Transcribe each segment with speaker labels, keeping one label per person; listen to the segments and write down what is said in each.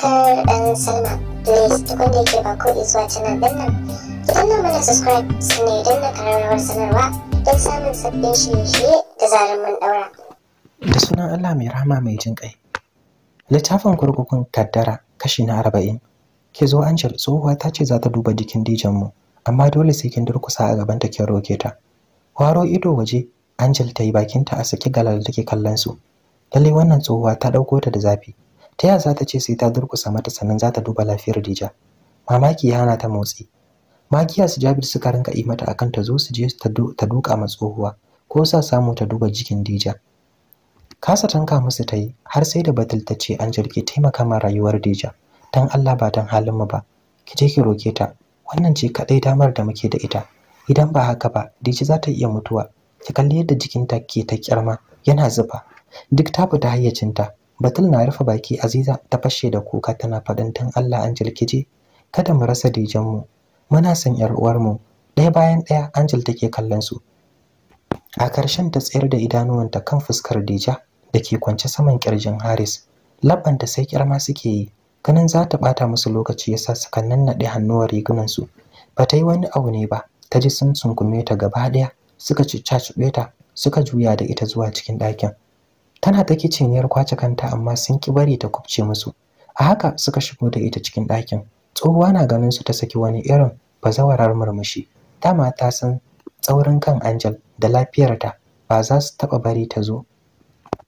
Speaker 1: subscribe and sign up. Please tukun da yake ba ko zuwa canal din nan. Ki danna mana subscribe sannan idan na kararrawar sanarwa don samun sabbin shirye-shirye da zarar mun daura. Da sunan Allah mai rahama mai jin kai. Littafin kurkukun kaddara kashi na arba'in. Ke zo Angel tsohuwa ta ce za ta duba jikin dijanmu amma dole sai kin durkusa a gaban ta kin roke ta. Waro ido waje Angel ta yi bakinta a saki galar da ke kallon su. Lallai wannan tsohuwa ta ɗauko ta da zafi. ta ya za ta ce sai ta durkusa mata sannan za ta duba lafiyar dija mamaki ya hana ta motsi makiya su jabir suka rinka yi mata akan ta zo su je ta duka ma tsohuwa ko sa samu ta duba jikin dija kasa tanka musu ta yi har sai da batil ta ce an jirgi taimaka ma rayuwar dija dan allah ba dan halin mu ba ki je ki roke ta wannan ce kadai damar da muke da ita idan ba haka ba dija za ta iya mutuwa ki kalli yadda jikinta ke ta kyarma. yana zuba duk ta fita hayyacinta batul na rufe baki aziza ta fashe da kuka tana faɗin tun allah angel je? kada mu rasa mu. muna san yar uwarmu ɗaya bayan ɗaya angel take kallon su a ƙarshen ta tsayar da idanuwanta kan fuskar dija da ke kwance saman kirjin haris ta sai kirma suke yi ganin za ta ɓata musu lokaci yasa suka nannaɗe hannuwar rigunansu ba ta yi wani abu ne ba ta ji sun sunkume ta gaba ɗaya suka ciccaciɓe ta suka juya da ita zuwa cikin ɗakin tana ta kiciniyar kwace kanta amma sun ki bari ta kubce musu a haka suka shigo da ita cikin ɗakin tsohuwa na ganin su ta saki wani irin bazawarar murmushi Da mata san tsaurin kan angel da lafiyarta ba za su taɓa bari ta zo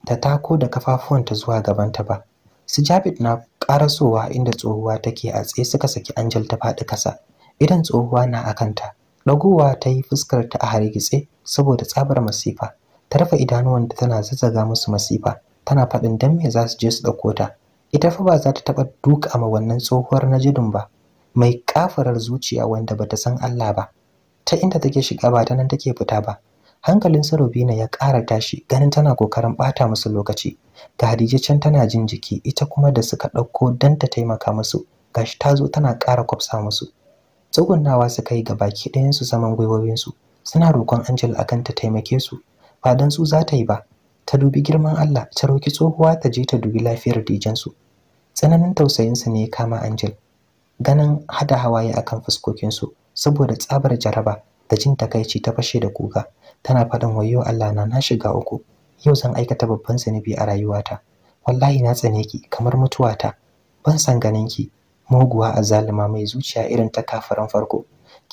Speaker 1: ta tako da kafafuwanta zuwa gabanta ba su jabit na ƙarasowa inda tsohuwa take a tsaye suka saki angel ta faɗi kasa idan tsohuwa na akanta ɗagowa ta yi fuskarta a hargitse saboda tsabar masifa ta rufe idanuwanta tana zazzaga musu masifa tana faɗin dan me za su je su ɗauko ta ita fa ba za ta taɓa duka ma wannan tsohuwar na najidin ba mai kafarar zuciya wanda ba ta san Allah ba ta inda take shiga ba ta nan take fita ba hankalin su Robina ya ƙara tashi ganin tana kokarin ɓata musu lokaci ga Hadija can tana jin jiki ita kuma da suka ɗauko dan ta taimaka musu gashi ta zo tana ƙara kwafsa musu tsugunnawa suka yi ga baki ɗayansu saman gwiwowinsu suna roƙon Angel akan ta taimake su ba dan su za ta yi ba ta dubi girman Allah ta roki tsohuwa ta je ta dubi lafiyar dijansu tsananin tausayinsu ne kama Angel ganin hada hawaye akan fuskokinsu saboda tsabar jaraba da jin takaici ta fashe da kuka tana faɗin wayo Allah na na shiga uku yau zan aikata babban zanibi a rayuwata wallahi na tsane ki kamar mutuwata ban san ganin ki muguwa azalima mai zuciya irin ta kafaran farko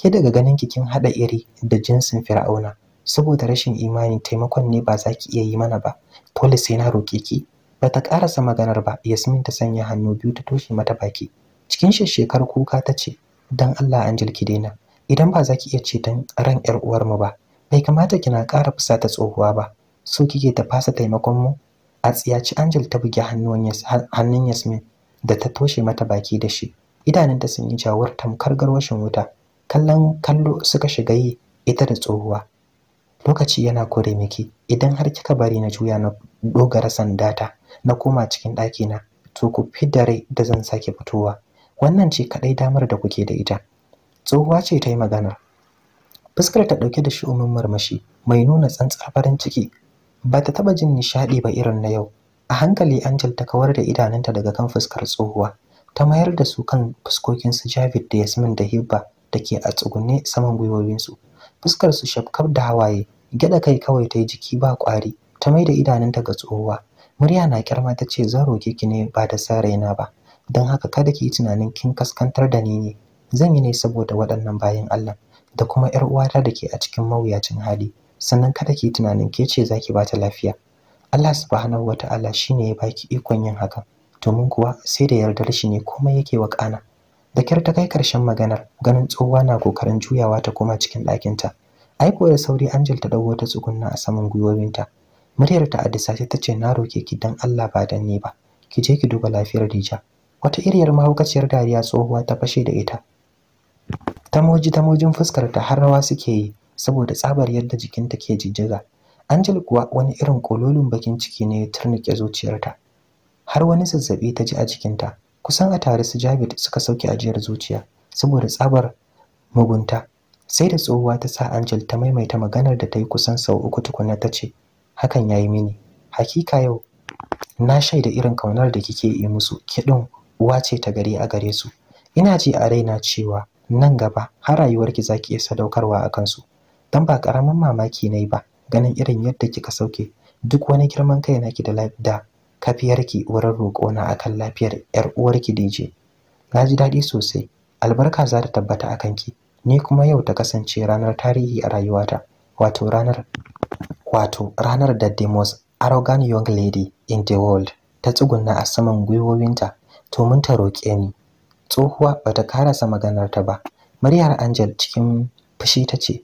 Speaker 1: ke daga ganin ki kin hada iri da jinsin fir'auna saboda rashin imani taimakon ne ba za ki iya yi mana ba tole sai na roke ki bata karasa maganar ba Yasmin ta sanya hannu biyu ta toshe mata baki cikin shekar kuka ta ce dan Allah an ki daina idan ba za ki iya ceton ran yar uwar mu ba bai kamata kina ƙara fusata tsohuwa ba so kike ta fasa taimakon mu a tsiyaci Angel ta buge hannun Yasmin da ta toshe mata baki da shi idanunta sun yi jawar tamkar garwashin wuta kallon kallo suka shiga yi ita da tsohuwa lokaci yana kore miki idan har kika bari na juya na dogara sandata na koma cikin ɗaki na to ku fidda rai da zan sake fitowa wannan ce kadai damar da kuke da ita tsohuwa ce ta yi magana fuskar ta dauke da shi'umin marmashi mai nuna tsantsar farin ciki ba ta taba jin nishaɗi ba irin na yau a hankali Angel ta kawar da idanunta daga kan fuskar tsohuwa ta mayar da su kan fuskokin su Javid da Yasmin da Hibba da ke a tsugunne saman gwiwowinsu fuskar su shafkar da hawaye gyada kai kawai ta yi jiki ba ƙwari ta mai da idanunta ga tsohuwa murya na kyarma ta ce zan roke ki ne ba da sa raina ba don haka kada ki yi tunanin kin kaskantar da ni ne zan yi ne saboda waɗannan bayan Allah da kuma 'yar uwata da ke a cikin mawuyacin hali sannan kada ki yi tunanin ke ce za ki bata lafiya Allah subhanahu wataala shine ya baki ikon yin hakan domin kuwa sai da yardar shi ne komai yake wakana da kyar ta kai karshen maganar ganin tsohuwa na kokarin juyawa ta koma cikin ɗakinta aiko da sauri Anjel ta dawo ta tsugunna a saman gwiwowinta muryar ta a disashe ta ce na roke ki dan allah ba dan ni ba ki je ki duba lafiyar dija wata iriyar mahaukaciyar dariya tsohuwa ta fashe da ita tamoji tamojin fuskar ta har rawa suke yi saboda tsabar yadda jikinta ke jijjiga angel kuwa wani irin kololin bakin ciki ne ya turnike zuciyarta har wani zazzabi ta ji a jikinta kusan a tare su jabit suka sauke ajiyar zuciya saboda tsabar mugunta sai da tsohuwa ta sa Angel ta maimaita maganar da ta yi kusan sau uku tukuna ta ce hakan yayi mini hakika yau na shaida irin kaunar da kike yi musu kiɗin uwa ce ta gari a gare su ina ji a raina cewa nan gaba har rayuwarki ki iya sadaukarwa a kansu dan ba karamin mamaki ne ba ganin irin yadda kika sauke duk wani girman kai naki da da kafiyarki wurin roƙona akan lafiyar yar uwarki dije na ji daɗi sosai albarka za ta tabbata a kanki ni kuma yau ta kasance ranar tarihi a rayuwata wato ranar wato ranar da the most arrogant young lady in the world ta tsugunna a saman gwiwowinta to mun ta roƙe ni tsohuwa bata karasa maganar ta ba muryar angel cikin fushi ta ce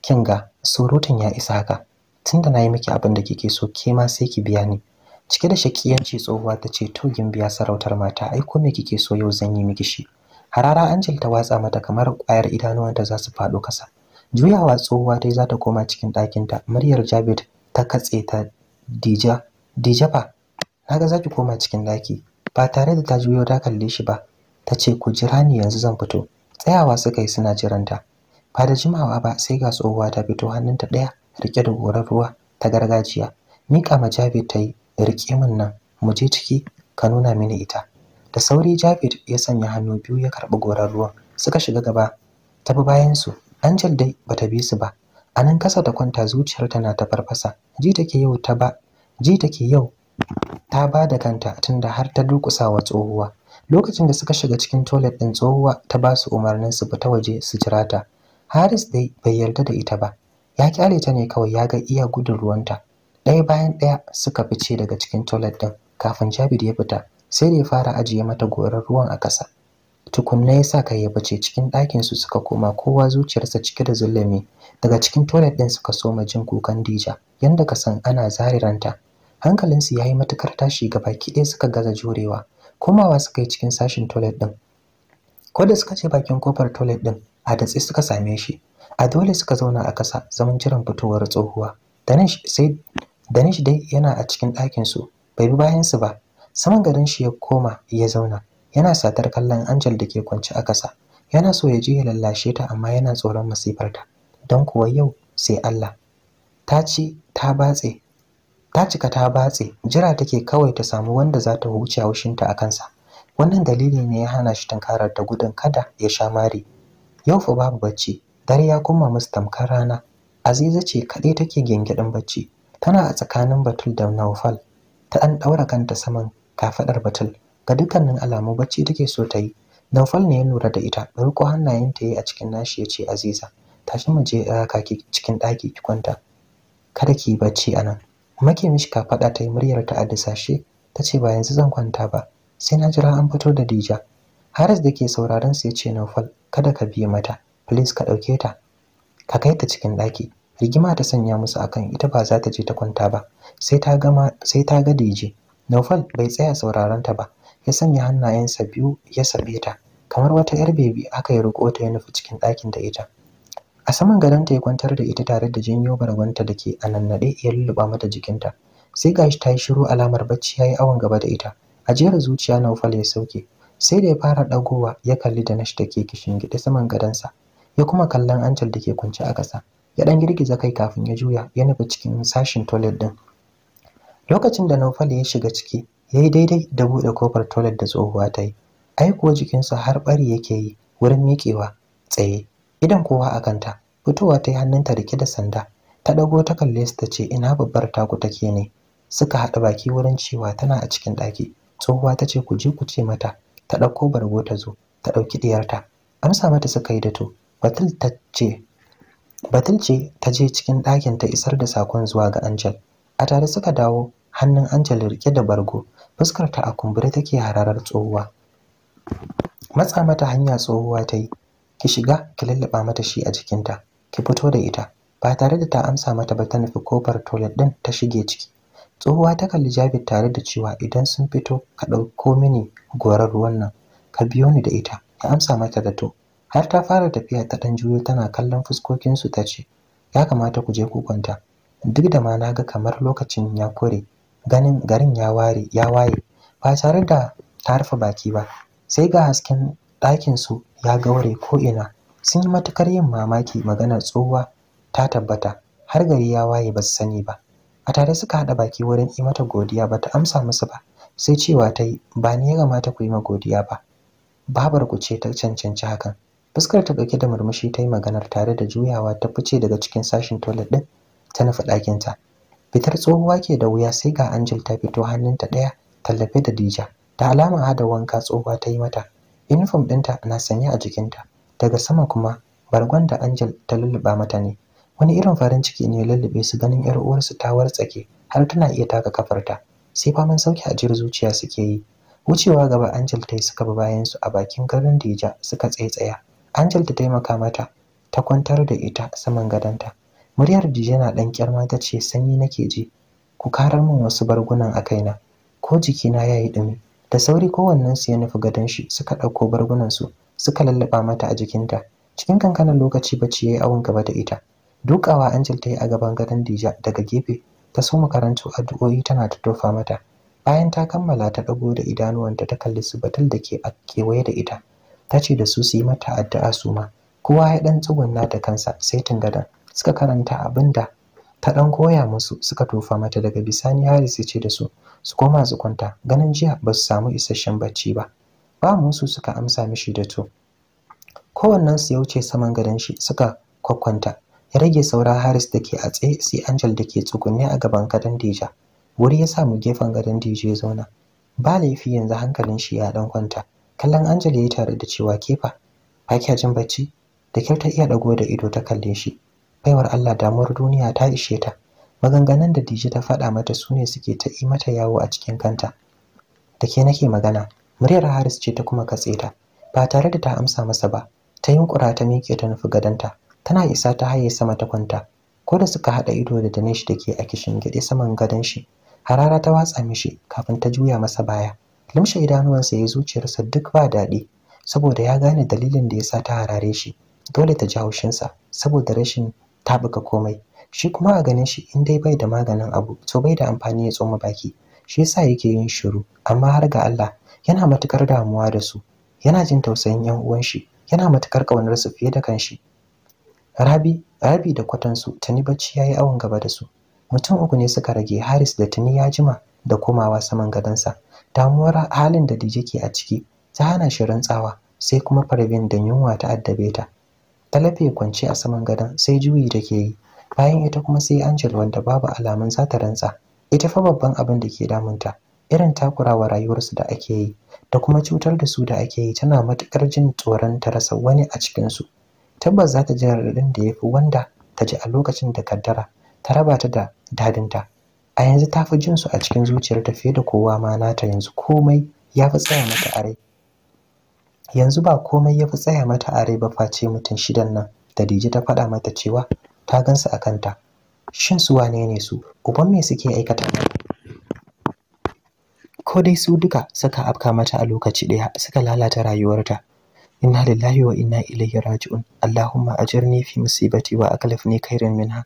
Speaker 1: kin ga surutun ya isa haka tunda na yi miki abin da kike so ke ma sai ki biya ni cike da shakiyanci tsohuwa ta ce to biya sarautar mata ai ko me kike so yau zan yi miki shi harara Anjel ta watsa mata kamar kwayar ta za su faɗo kasa juyawa tsohuwa ta za ta koma cikin ɗakin ta muryar jabit ta katse ta dija dija fa na ga za ki koma cikin ɗaki ba tare da ta juyo ta kalle shi ba ta ce ku jira ni yanzu zan fito tsayawa suka yi suna jiranta ba da jimawa ba sai ga tsohuwa ta fito hannunta ɗaya rike da gorar ruwa ta gargajiya mika ma jabi ta yi Rike min nan mu je ciki ka nuna mini ita da sauri Jafet ya sanya hannu biyu ya karɓi goran ruwan suka shiga gaba ta bi bayan su Angel dai bata bi su ba a nan kasa ta kwanta zuciyar tana ta farfasa ji take yau ta ba ji take yau ta ba da kanta tunda har ta dukusa wa tsohuwa lokacin da suka shiga cikin toilet din tsohuwa ta ba su umarnin su fita waje su jira ta Haris dai bai yarda da ita ba ya kyale ta ne kawai ya ga iya gudun ruwanta ɗaya bayan ɗaya suka fice daga cikin toilet ɗin kafin Jabir ya fita sai da ya fara ajiye mata gorar ruwan a ƙasa tukunna ya sa kai ya bace cikin ɗakin su suka koma kowa zuciyarsa cike da zulumi daga cikin toilet ɗin suka soma jin kukan Dija yanda ka san ana zariranta hankalinsu ya yi matukar tashi gaba ɗaya suka gaza jurewa komawa suka yi cikin sashin toilet ɗin ko da suka ce bakin kofar toilet ɗin a datse suka same shi a dole suka zauna a ƙasa zaman jiran fitowar tsohuwa da nan sai Danish dai yana a cikin ɗakin su bai bi bayan su ba saman garin shi ya koma ya zauna yana satar kallon Angel da ke kwance a ƙasa. yana so ya je ya lallashe ta amma yana tsoron masifar ta don kuwa yau sai Allah ta ci ta batse ta cika ta batse jira take kawai ta samu wanda za ta huce haushinta a kansa wannan dalili ne ya hana shi tunkarar ta gudun kada ya sha mari yau fa babu bacci dare ya koma musu tamkar rana aziza ce kaɗai take gengedin bacci tana a tsakanin batul da naufal ta ɗan ɗaura kanta saman kafaɗar batul ga dukkanin alamu bacci take so ta yi naufal ne ya lura da ita ɗauko hannayen ta yi a cikin nashi ya ce aziza tashi mu je raka eh, ki cikin ɗaki ki kwanta kada ki yi bacci a nan make mishi kafaɗa ta yi muryar ta a dasashe ta ce ba yanzu zan kwanta ba sai na jira an fito da dija haris da ke sauraron su ya ce naufal kada ka biye mata please ka ɗauke ta ka kai ta cikin ɗaki rigima ta sanya musu akan ita ba za ta je ta kwanta ba sai ta gama sai ta ga Dije Naufal bai tsaya sauraron ta ba ya sanya hannayensa biyu ya sabe ta kamar wata yar bebi aka yi riko ta ya nufi cikin ɗakin da ita a saman ta ya kwantar da ita tare da janyo bargonta da ke a nannaɗe ya lulluɓa mata jikinta sai gashi ta yi shiru alamar bacci ya yi awon gaba da ita a jera zuciya Naufal ya sauke sai da ya fara dagowa ya kalli da nashi da ke kishin gida saman sa, ya kuma kallon antal da ke kwance a ƙasa ya dan girgiza kai kafin ya juya ya nufi cikin sashin toilet din lokacin da Naufali ya shiga ciki ya yi daidai da buɗe kofar toilet da tsohuwa ta yi ai kuwa jikinsa har bari yake yi wurin miƙewa tsaye idan kowa a kanta fitowa ta yi hannunta rike da sanda ta dago ta kalle su ta ce ina babbar taku take ne suka haɗa baki wurin cewa tana a cikin ɗaki tsohuwa ta ce ku je ku ce mata ta ɗauko bargo ta zo ta ɗauki ɗiyarta amsa mata suka yi da to batul ta ce Batun ce ta je cikin ɗakin ta isar da sakon zuwa ga Angel. A tare suka dawo hannun Angel rike da bargo, fuskar ta a kumbure take hararar tsohuwa. Matsa mata hanya tsohuwa ta yi, ki shiga ki lallaba mata shi a jikinta, ki fito da ita. Ba tare da ta amsa mata ba ta nufi kofar toilet ɗin ta shige ciki. Tsohuwa ta kalli Jabir tare da cewa idan sun fito ka ɗauko mini gorar ruwan nan, ka biyo ni da ita. Ta amsa mata da to, har ta fara tafiya ta ɗan juyo tana kallon fuskokinsu ta ce ya kamata ku je ku kwanta duk da ma na ga kamar lokacin ya kore ganin garin ya ware ya waye ba tare da ta rufe baki ba sai ga hasken ɗakin su ya ga ko ina sun yi matukar yin mamaki maganar tsohuwa ta tabbata har gari ya waye ba su sani ba a tare suka haɗa baki wurin yi mata godiya ba ta amsa musu ba sai cewa ta yi ba ni ya kamata ku yi ma godiya ba babar ku ce ta cancanci hakan fuskar ta dauke da murmushi ta yi maganar tare da juyawa ta fice daga cikin sashin toilet din ta nufi ɗakinta. ta fitar tsohuwa ke da wuya sai ga Angel ta fito hannunta ɗaya tallafe da Dija da alama hada wanka tsohuwa ta yi mata uniform ɗinta na sanye a jikinta daga sama kuma bargon da Angel ta lulluɓa mata ne wani irin farin ciki ne ya lullube su ganin yar uwarsu ta wartsake har tana iya taka kafarta sai faman sauki a jir zuciya suke yi wucewa gaba Angel ta yi suka bi bayansu a bakin garin Dija suka tsaitsaya Angel ta taimaka mata ta kwantar da ita saman gadonta. Muryar Dije na ɗan kyarma ta ce sanyi nake ji. Ku karar min wasu bargunan a kaina. Ko jikina ya yi ɗumi. Da sauri su ya nufi gadon shi suka ɗauko bargunansu suka lallaɓa mata a jikinta. Cikin kankanin lokaci bacci ya yi awon gaba da ita. Dukawa Angel ta yi a gaban gadon Dija daga gefe ta so makarantu addu'o'i tana ta tofa mata. Bayan ta kammala ta ɗago da idanuwanta ta kalli su batul da ke kewaye da ita. ta ce da su su yi mata addu'a su ma kowa ya dan tsugunna da kansa sai tungadan suka karanta abin da ta dan koya musu suka tofa mata daga bisani Haris su ce da su su koma su kwanta ganin jiya ba su samu isasshen bacci ba ba musu suka amsa mishi da to kowannen su ya wuce saman gadon shi suka kwakwanta ya rage saura Haris da ke a tsaye sai Angel da ke tsugunne a gaban gadon Dija wuri ya samu gefen gadon Dija ya zauna ba laifi yanzu hankalin shi ya dan kwanta kallon Angel yayi tare da cewa kefa ba kya jin bacci da kyau ta iya dago da ido ta kalle shi baiwar Allah damuwar duniya ta ishe ta maganganun da Dije ta faɗa mata sune suke ta yi mata yawo a cikin kanta da ke nake magana muryar Haris ce ta kuma katse ta ba tare da ta amsa masa ba ta yunkura ta miƙe ta nufi gadonta tana isa ta haye sama ta kwanta ko da suka haɗa ido da Danish da ke a kishin gade saman gadon shi harara ta watsa mishi kafin ta juya masa baya limshe idanuwansa ya zuciyarsa duk ba daɗi saboda ya gane dalilin da ya sa ta harare shi dole ta ji haushinsa saboda rashin tabuka komai shi kuma a ganin shi in dai bai da maganin abu to bai da amfani ya tsoma baki shi yasa yake yin shiru amma har ga Allah yana matukar damuwa da su yana jin tausayin yan uwan shi yana matukar kaunar su fiye da kanshi Rabi Rabi da kwatansu tuni bacci yayi awon gaba da su mutum uku ne suka rage Haris da tuni ya jima da komawa saman gadansa damuwar halin da Dije ke a ciki ta hana shi rantsawa sai kuma Parveen da yunwa ta addabe ta talafe kwance a saman gadon sai juyi da ke yi bayan ita kuma sai Angel wanda babu alamun za ta rantsa ita fa babban abin da ke damunta irin takurawa rayuwarsu da ake yi da kuma cutar da su da ake yi tana matukar jin tsoron ta rasa wani a cikinsu tabbas za ta ji raɗaɗin da ya fi wanda ta ji a lokacin da kaddara ta raba ta da dadinta a yanzu ta fi jin su a cikin zuciyarta fiye da kowa ma nata yanzu komai ya fi tsaya mata a rai yanzu ba komai ya fi tsaya mata a rai ba face mutum shidan nan da dije ta faɗa mata cewa ta gansu a kanta shin su wane ne su uban me suke aikata ko dai su duka suka afka mata a lokaci ɗaya suka lalata rayuwarta inna lillahi wa inna ilaihi raji'un allahumma ajirni fi musibati wa aklifni khairan minha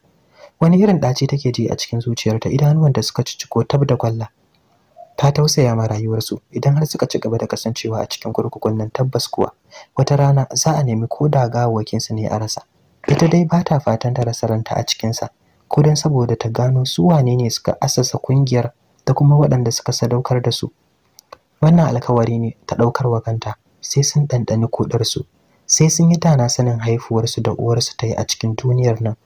Speaker 1: wani irin ɗaci take ji a cikin zuciyarta da suka cicciko tab da kwalla ta tausaya ma rayuwarsu idan har suka ci gaba da kasancewa a cikin kurkukun nan tabbas kuwa wata rana za a nemi ko da su ne a rasa ita dai ba ta fatan ta rasa ranta a cikinsa ko don saboda ta gano su wane ne suka asasa kungiyar da kuma waɗanda suka sadaukar da su wannan alkawari ne ta ɗaukar wa kanta sai sun ɗanɗani kuɗarsu sai sun yi tana sanin haifuwarsu da uwarsu ta yi a cikin duniyar nan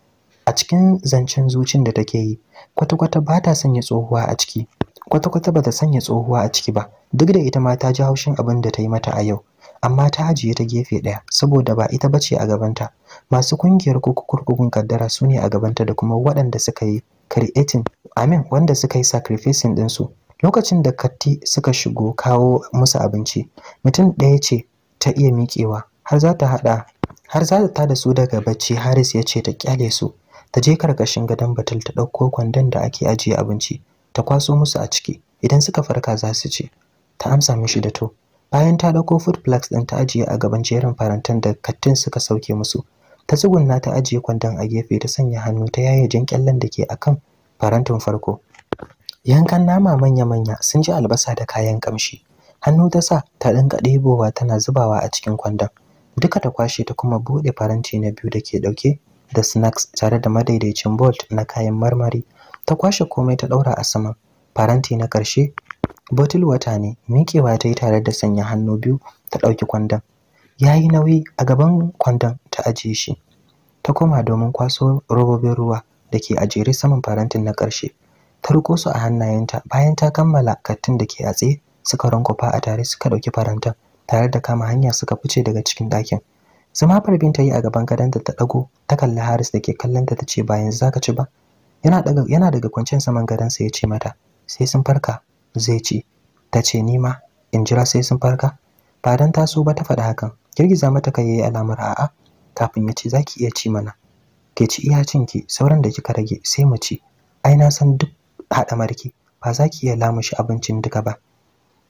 Speaker 1: a cikin zancen zucin da take yi kwata-kwata ba ta sanya tsohuwa a ciki kwata-kwata ba ta sanya tsohuwa a ciki ba duk da ita ma ta ji haushin abin da ta yi mata a yau amma ta ajiye ta gefe ɗaya saboda ba ita bace a gabanta masu kungiyar kurkukun kaddara su ne a gabanta da kuma waɗanda suka yi creating amin wanda suka yi sacrificing ɗinsu lokacin da katti suka shigo kawo musu abinci mutum ɗaya ce ta iya miƙewa har za ta haɗa har za ta da su daga bacci Haris ya ce ta kyale su ta je karkashin gadon batul ta ɗauko kwandon da ake ajiye abinci ta kwaso musu a ciki idan suka farka za su ci ta amsa mishi da to bayan ta ɗauko food plugs ɗin ta ajiye a gaban jerin farantan da kattin suka sauke musu ta tsugunna ta ajiye kwandon a gefe ta sanya hannu ta yaye jan kyallen da ke akan farantin farko yankan nama manya-manya sun ji albasa da kayan kamshi hannu ta sa ta dinga ɗebowa tana zubawa a cikin kwandon duka ta kwashe ta kuma buɗe faranti na biyu da ke ɗauke da snacks tare da madaidaicin bolt na kayan marmari ta kwashe komai ta ɗaura a saman faranti na ƙarshe botul wata ne miƙewa ta yi tare da sanya hannu biyu ta ɗauki kwandon ya yi nauyi a gaban kwandon ta ajiye shi ta koma domin kwaso robobin ruwa da ke a jere saman farantin na ƙarshe ta riko su a hannayenta bayan ta kammala kattun da ke a tsaye suka rankwafa a tare suka ɗauki farantan tare da kama hanya suka fice daga cikin ɗakin zama farbin ta yi a gaban gadonta ta ɗago ta kalli haris da ke kallonta ta ce yanzu zaka ci ba yana daga yana daga kwancin saman gadonsa ya ce mata sai sun farka zai ci ta ce ni ma in jira sai sun farka ba dan taso ba ta faɗa hakan girgiza mata kai yayi alamar a'a kafin ya ce zaki iya ci mana ke ci iya ki sauran da kika rage sai mu ci ai na san duk haɗa marki ba zaki iya lamushi abincin duka ba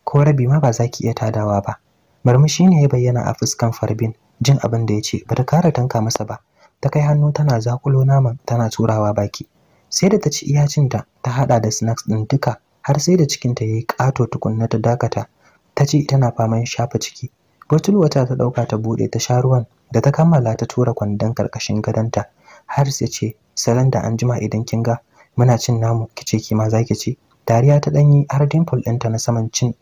Speaker 1: ko rabi ma ba zaki ki iya tadawa ba murmushi ne ya bayyana a fuskan farbin jin abin da ya ce bata kara tanka masa ba ta kai hannu tana zakulo naman tana turawa baki sai da ta ci iyacinta ta hada da snacks din duka har sai da cikinta yi kato tukunna ta dakata ta ci tana faman shafa ciki botul wata ta dauka ta bude ta sha ruwan da ta kammala ta tura kwandon karkashin gadonta har sai ce salon da an jima idan kin ga muna cin namu kice ki ma zaki ci dariya ta danyi har dimple ɗinta na saman cin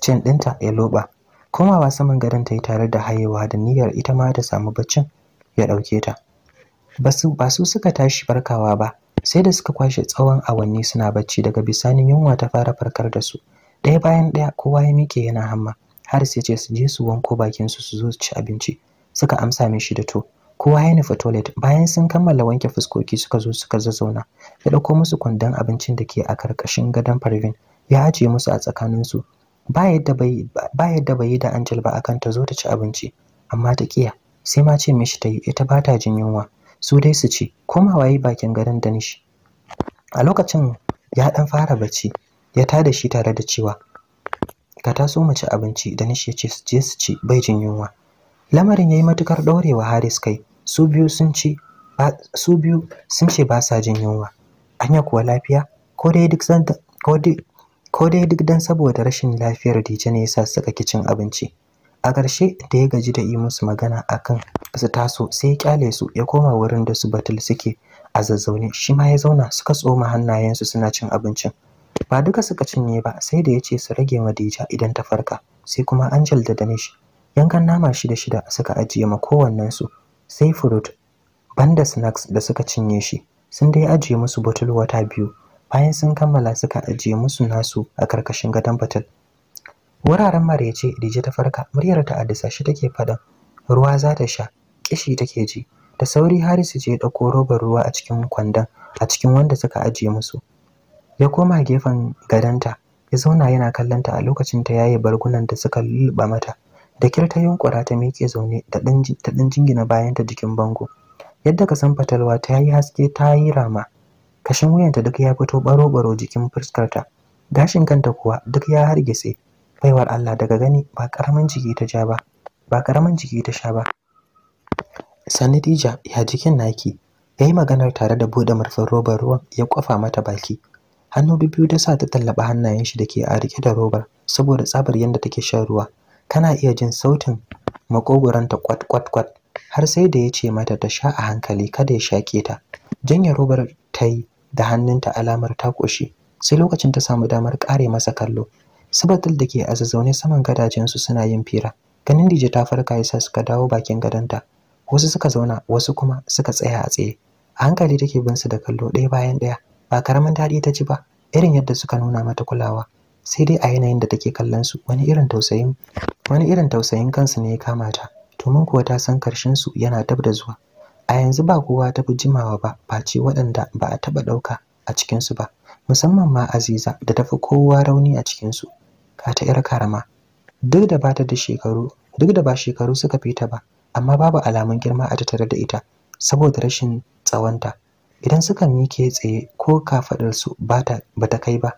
Speaker 1: cin ɗinta ya loba komawa saman gadon ta yi tare da hayewa da niyyar ita ma ta samu baccin ya ɗauke ta ba su suka tashi farkawa ba sai da suka kwashe tsawon awanni suna bacci daga bisanin yunwa ta fara farkar da su ɗaya bayan ɗaya kowa ya mike yana hamma har sai ce su je su wanko bakin su su zo su ci abinci suka amsa mishi da to kowa ya nufi toilet bayan sun kammala wanke fuskoki suka zo suka zazzauna ya ɗauko musu kwandon abincin da ke a karkashin gadon parvin ya ajiye musu a tsakaninsu ba yadda bai yi da Angel ba akan ta zo ta ci abinci amma ta kiya sai ma ce mishi ta yi ita ba ta jin yunwa su dai su ci koma yi bakin garin da nishi a lokacin ya dan fara bacci ya tada shi tare da cewa ka taso mu ci abinci da nishi ya ce su je su ci bai jin yunwa lamarin ya yi matukar ɗorewa haris kai su biyu sun ci su ce ba sa jin yunwa anya kuwa lafiya ko dai duk ko dai duk dan saboda rashin lafiyar dije ne yasa suka ki cin abinci a ƙarshe da ya gaji da yi musu magana akan su taso sai ya kyale su ya koma wurin da su batul suke a zazzaune shi ma ya zauna suka tsoma hannayensu suna cin abincin ba duka suka cinye ba sai da ya ce su rage ma dija idan ta farka sai kuma angel da danish yankan nama shida shida suka ajiye ma kowannensu sai fruit banda snacks da suka cinye shi sun dai ajiye musu bottle wata biyu bayan sun kammala suka ajiye musu nasu a karkashin gadon batul wuraren ce dije ta farka muryar ta addisa shi take fadan ruwa za ta sha kishi take ji da sauri harisu je ɗauko robar ruwa a cikin kwandon a cikin wanda suka ajiye musu ya koma gefen gadonta ya zauna yana kallonta a lokacin ta yaye bargunan da suka lulluɓa mata da kyar ta yunkura ta miƙe zaune ta ɗan jingina bayan ta jikin bango yadda ka san fatalwa ta yi haske ta yi rama kashin wuyanta duk ya fito baro-baro jikin fuskarta gashin kanta kuwa duk ya hargitse baiwar Allah daga gani ba karamin jiki ta ja ba ba karamin jiki ta sha ba sanadija ya jikin naki yayi maganar tare da buɗe murfin robar ruwan ya kwafa mata baki hannu biyu ta sa ta tallaba hannayen shi da ke a rike da robar saboda tsabar yadda take shan ruwa kana iya jin sautin makogoranta kwat kwat kwat har sai da ya ce mata ta sha a hankali kada ya shake ta Janya robar ta yi da hannunta alamar ta koshi sai lokacin ta samu damar kare masa kallo sabatul da ke azazzaune saman gadajen su suna yin fira ganin dije ta farka yasa suka dawo bakin gadonta wasu suka zauna wasu kuma suka tsaya a tsaye a hankali take bin su da kallo ɗaya bayan ɗaya ba karamin daɗi ta ji ba irin yadda suka nuna mata kulawa sai dai a yanayin da take kallon su wani irin tausayin wani irin tausayin kansu ne ya kamata. ta domin kuwa ta san karshen su yana dab da zuwa a yanzu ba kowa ta fi jimawa ba face waɗanda ba a taɓa ɗauka a cikinsu ba musamman ma aziza da tafi kowa rauni a cikinsu ka ta 'yar karama duk da ba ta da shekaru duk da ba shekaru suka fi ta ba amma babu alamun girma a tattare da ita saboda rashin tsawonta idan suka mike tsaye ko kafaɗarsu ba ta kai ba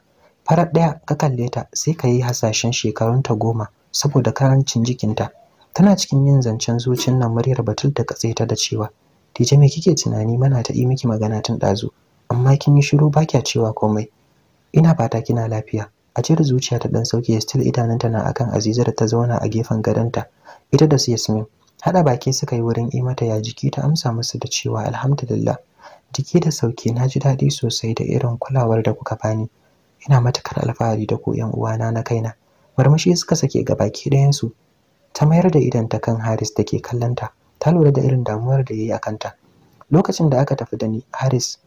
Speaker 1: farar ɗaya ka kalle ta sai ka yi hasashen shekarunta goma saboda karancin jikinta tana cikin yin zancen zuciyar nan muryar batul da katse ta da cewa Dije me kike tunani mana ta yi miki magana tun ɗazu, amma kin yi shiru ba kya cewa komai. Ina fata kina lafiya. A cire zuciya ta ɗan sauke still idanunta na akan Aziza da ta zauna a gefen gadonta. Ita da su Yasmin. Haɗa baki suka yi wurin yi mata ya jiki ta amsa musu da cewa alhamdulillah. Jiki da sauki na ji daɗi sosai da irin kulawar da kuka bani. Ina matukar alfahari da ku 'yan uwana na kaina. Marmashi suka sake ga baki ɗayansu. Ta mayar da idanta kan Haris da ke kallonta. ta lura da irin damuwar da ya yi a kanta lokacin da aka tafi da ni haris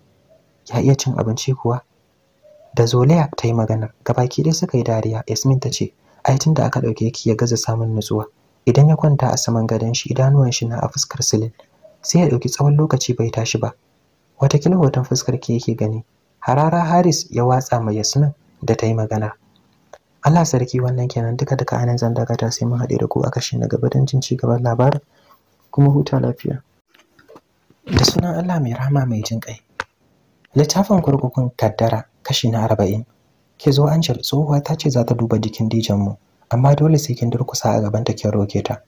Speaker 1: ya iya cin abinci kuwa da zolaya ta yi maganar gabaki ɗaya suka yi dariya yasmin ta ce ai tun da aka ɗauke ki ya gaza samun nutsuwa idan ya kwanta a saman gadon shi idanuwan shi na a fuskar silin sai ya ɗauki tsawon lokaci bai tashi ba watakila hoton fuskar ki yake gani harara haris ya watsa mai yasmin da ta yi magana. Allah sarki wannan kenan duka duka anan zan dakata sai mun haɗe da ku a kashi na gaba don jin ci gaban labarin kuma huta lafiya da sunan Allah mai rahama mai jin kai littafin kurkukun kaddara kashi na arba'in ke zo Angel tsohuwa ta ce za ta duba jikin dijan mu amma dole sai kin durkusa a gaban ta kin roke ta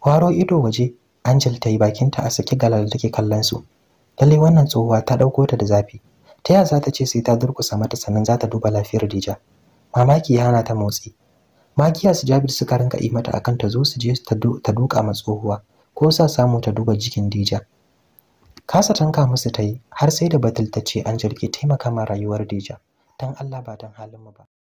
Speaker 1: waro ido waje Angel ta yi bakinta a saki galar da take kallon su lalle wannan tsohuwa ta dauko ta da zafi ta yaya za ta ce sai ta durkusa mata sannan za ta duba lafiyar dija mamaki ya hana ta motsi magiya su jabir suka rinka yi mata akan ta zo su je ta duka ma tsohuwa ko sa samu ta duba jikin Dija. Kasa tanka musu ta yi har sai da batul ta ce an jirgi taimaka ma rayuwar Dija. Dan Allah ba dan halin mu ba.